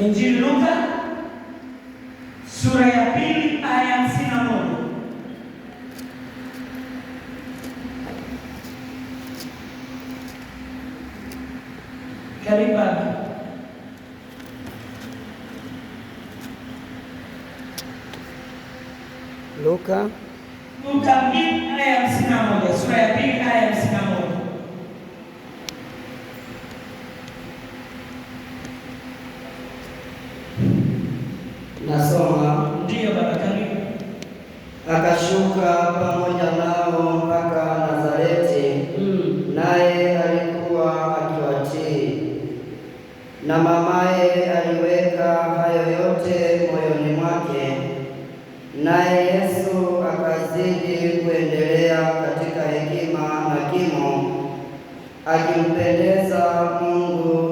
Injili Luka sura ya pili aya hamsini na moja. Karibu baba. Luka Luka sura ya pili aya na mamaye aliweka hayo yote moyoni mwake, naye Yesu akazidi kuendelea katika hekima na kimo, akimpendeza Mungu.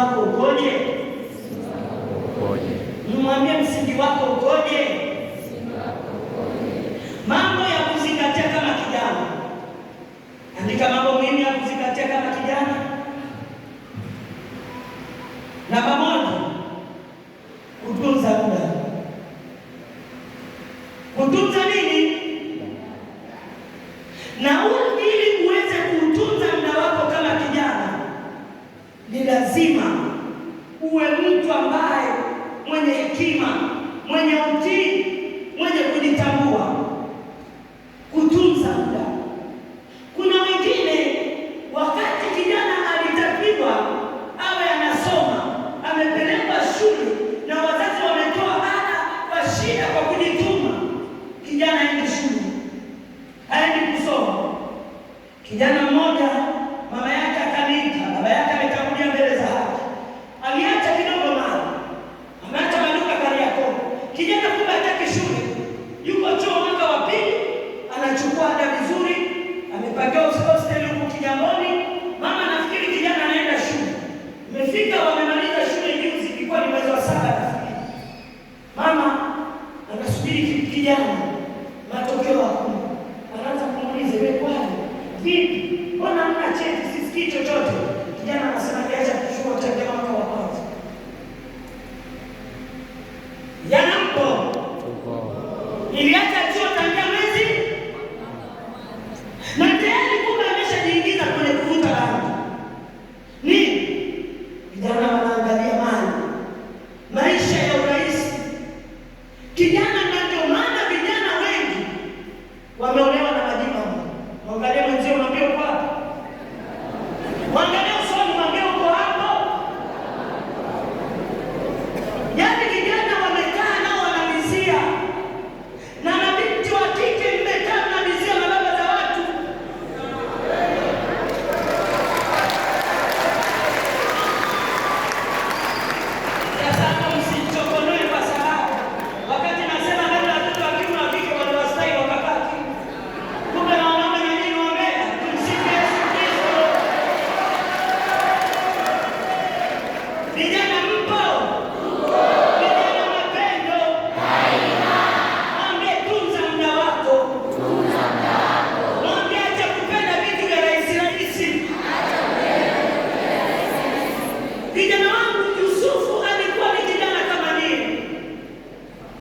wako ukoje? Nimwambie msingi wako ukoje? Mambo ya kuzingatia kama kijana, andika mambo muhimu ya kuzingatia kama kijana na uwe mtu ambaye mwenye hekima, mwenye utii, mwenye kujitambua.